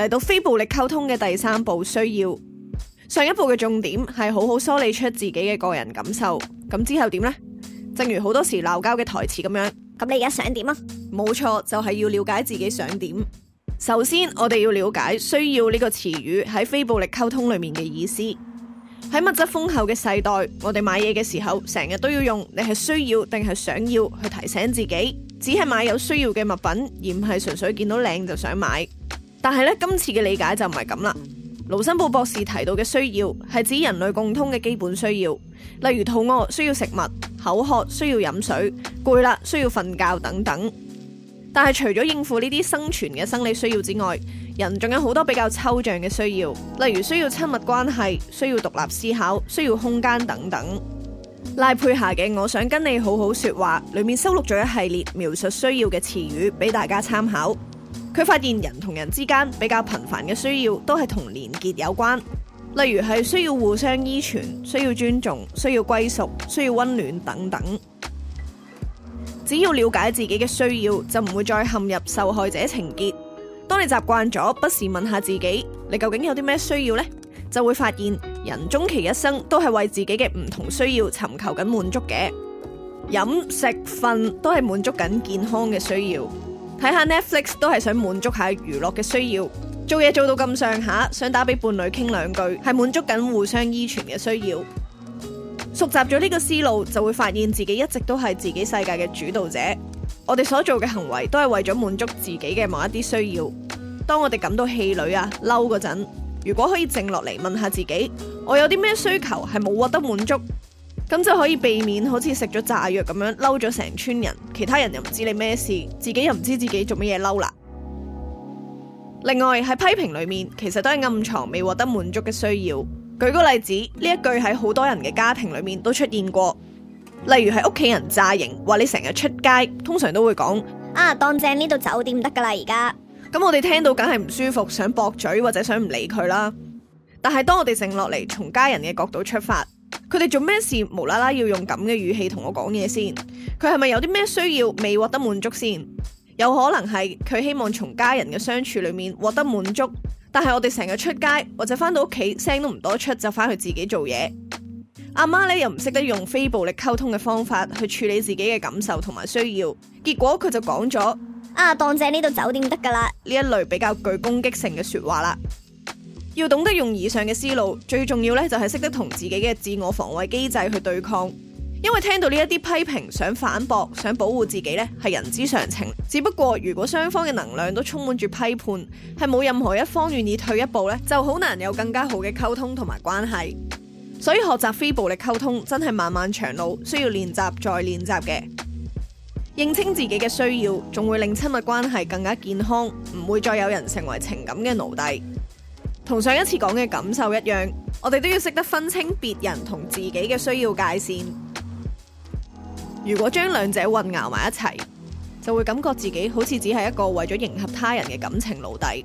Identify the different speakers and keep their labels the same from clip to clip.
Speaker 1: 嚟到非暴力溝通嘅第三步，需要。上一步嘅重點係好好梳理出自己嘅個人感受。咁之後點呢？正如好多時鬧交嘅台詞咁樣，咁你而家想點啊？冇錯，就係要了解自己想點。首先，我哋要了解需要呢個詞語喺非暴力溝通裏面嘅意思。喺物質豐厚嘅世代，我哋買嘢嘅時候，成日都要用你係需要定係想要去提醒自己，只係買有需要嘅物品，而唔係純粹見到靚就想買。但係咧，今次嘅理解就唔係咁啦。盧森堡博士提到嘅需要，係指人類共通嘅基本需要，例如肚餓需要食物、口渴需要飲水、攰啦需要瞓覺等等。但係除咗應付呢啲生存嘅生理需要之外，人仲有好多比較抽象嘅需要，例如需要親密關係、需要獨立思考、需要空間等等。賴佩霞嘅《我想跟你好好說話》裏面收錄咗一系列描述需要嘅詞語，俾大家參考。佢發現人同人之間比較頻繁嘅需要，都係同連結有關。例如係需要互相依存、需要尊重、需要歸屬、需要溫暖等等。只要了解自己嘅需要，就唔會再陷入受害者情結。當你習慣咗不時問下自己，你究竟有啲咩需要呢？就會發現人終其一生都係為自己嘅唔同需要尋求緊滿足嘅。飲食瞓都係滿足緊健康嘅需要。睇下 Netflix 都係想滿足下娛樂嘅需要，做嘢做到咁上下，想打俾伴侶傾兩句，係滿足緊互相依存嘅需要。熟習咗呢個思路，就會發現自己一直都係自己世界嘅主導者。我哋所做嘅行為都係為咗滿足自己嘅某一啲需要。當我哋感到氣餒啊、嬲嗰陣，如果可以靜落嚟問下自己，我有啲咩需求係冇獲得滿足？咁就可以避免好似食咗炸藥咁樣嬲咗成村人，其他人又唔知你咩事，自己又唔知自己做乜嘢嬲啦。另外喺批評裏面，其實都係暗藏未獲得滿足嘅需要。舉個例子，呢一句喺好多人嘅家庭裏面都出現過，例如係屋企人炸型話你成日出街，通常都會講啊，當正呢度酒店得噶啦，而家咁我哋聽到梗係唔舒服，想駁嘴或者想唔理佢啦。但係當我哋靜落嚟，從家人嘅角度出發。佢哋做咩事無啦啦要用咁嘅語氣同我講嘢先？佢係咪有啲咩需要未獲得滿足先？有可能係佢希望從家人嘅相處裏面獲得滿足，但係我哋成日出街或者翻到屋企聲都唔多出，就翻去自己做嘢。阿媽咧又唔識得用非暴力溝通嘅方法去處理自己嘅感受同埋需要，結果佢就講咗啊，當正呢度酒店得噶啦呢一類比較具攻擊性嘅說話啦。要懂得用以上嘅思路，最重要咧就係識得同自己嘅自我防衛機制去對抗，因為聽到呢一啲批評，想反駁，想保護自己咧係人之常情。只不過如果雙方嘅能量都充滿住批判，係冇任何一方願意退一步咧，就好難有更加好嘅溝通同埋關係。所以學習非暴力溝通真係漫漫長路，需要練習再練習嘅。認清自己嘅需要，仲會令親密關係更加健康，唔會再有人成為情感嘅奴隸。同上一次講嘅感受一樣，我哋都要識得分清別人同自己嘅需要界線。如果將兩者混淆埋一齊，就會感覺自己好似只係一個為咗迎合他人嘅感情奴隸。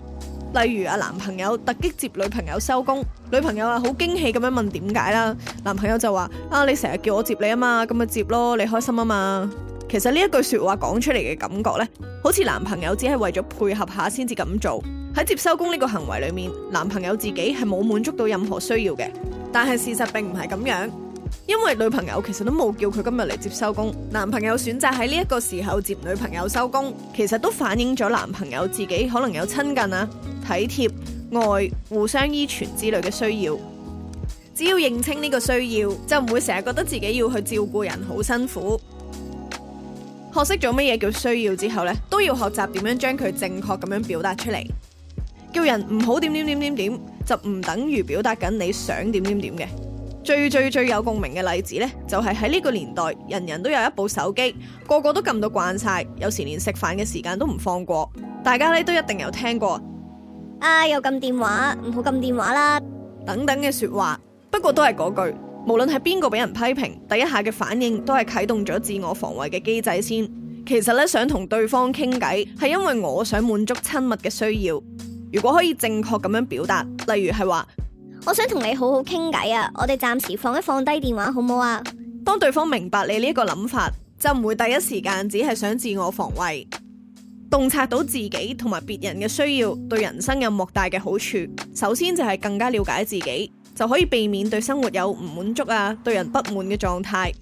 Speaker 1: 例如啊，男朋友突擊接女朋友收工，女朋友啊好驚喜咁樣問點解啦？男朋友就話：啊，你成日叫我接你啊嘛，咁咪接咯，你開心啊嘛。其實呢一句説話講出嚟嘅感覺咧，好似男朋友只係為咗配合下先至咁做。喺接收工呢個行為裏面，男朋友自己係冇滿足到任何需要嘅，但係事實並唔係咁樣，因為女朋友其實都冇叫佢今日嚟接收工，男朋友選擇喺呢一個時候接女朋友收工，其實都反映咗男朋友自己可能有親近啊、體貼、愛、互相依存之類嘅需要。只要認清呢個需要，就唔會成日覺得自己要去照顧人好辛苦。學識咗乜嘢叫需要之後咧，都要學習點樣將佢正確咁樣表達出嚟。叫人唔好點點點點點，就唔等於表達緊你想點點點嘅。最最最有共鳴嘅例子呢，就係喺呢個年代，人人都有一部手機，個個都撳到慣晒，有時連食飯嘅時間都唔放過。大家呢都一定有聽過啊，又撳電話，唔好撳電話啦，等等嘅說話。不過都係嗰句，無論係邊個俾人批評，第一下嘅反應都係啟動咗自我防衛嘅機制先。其實呢，想同對方傾偈，係因為我想滿足親密嘅需要。如果可以正確咁樣表達，例如係話，我想同你好好傾偈啊，我哋暫時放一放低電話好唔好啊？當對方明白你呢個諗法，就唔會第一時間只係想自我防衛。洞察到自己同埋別人嘅需要，對人生有莫大嘅好處。首先就係更加了解自己，就可以避免對生活有唔滿足啊，對人不滿嘅狀態。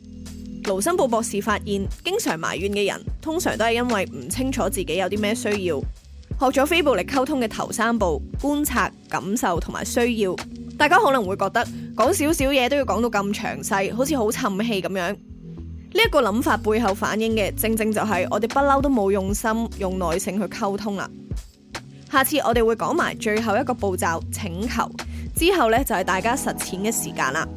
Speaker 1: 盧森堡博士發現，經常埋怨嘅人，通常都係因為唔清楚自己有啲咩需要。學咗非暴力溝通嘅頭三步，觀察、感受同埋需要，大家可能會覺得講少少嘢都要講到咁詳細，好似好沉氣咁樣。呢、這、一個諗法背後反映嘅，正正就係我哋不嬲都冇用心用耐性去溝通啦。下次我哋會講埋最後一個步驟，請求，之後呢，就係、是、大家實踐嘅時間啦。